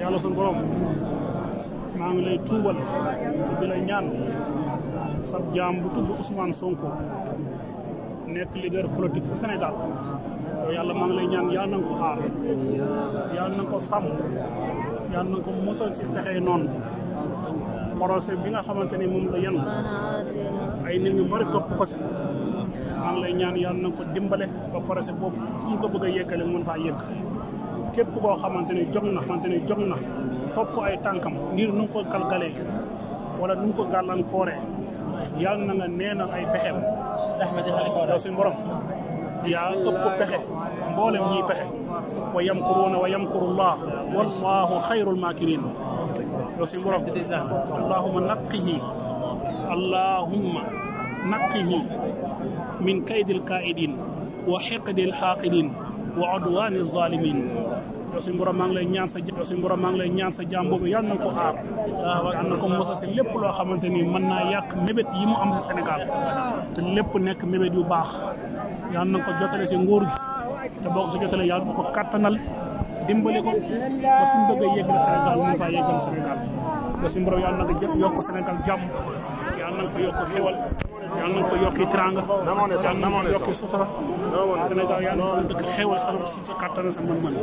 yàlla suñu borom maa ngi lay tuubal di la ñaan sab jaam bu tudd Ousmane Sonko nekk leader politique fu Sénégal yàlla maa ngi lay ñaan yàlla na nga ko aar yàlla na nga yàlla na nga ko pexe noonu procès bi nga xamante ni moom la yan ay nit ñu bari topp ko si maa ngi lay ñaan yàlla na dimbale ba procès boobu fu mu ko bëgg a yeggale mën faa yegg képp koo xamante ne jog na xamante ne jog topp ay tànkam ngir nu mu ko galgalee wala nu mu ko gàllankooree yàlla na nga neenal ay pexeem. yow suñu borom yaa pexe mboolem ñiy pexe wa yamkuruuna wa yamkurullah wallahu xayrul makirin yow suñu borom allahumma naqihi allahumma naqihi min kaydil kaidin wa xiqdil xaaqidin wa udwaani zaalimiin yow suñu borom lay ñaan sa yow maa ngi lay ñaan sa jaam boobu yàlla na ko aar yàlla na ko mosal si lépp loo xamante ni mën naa yàq mébét yi mu am si Sénégal te lépp nekk mébét yu baax yàlla na ko jotale si nguur gi te boo ko si jotalee yàlla na ko kattanal dimbale ko ba fi mu bëgg a yeggal Sénégal yàlla na ko yokk Sénégal jàmm yàlla na ko yokk xéwal yàlla nañ fa yokki teraanga yàlla nañ fa yokki sutura Sénégal yàlla nañ fa dëkk xéewal sa si sa kattan sa mën-mën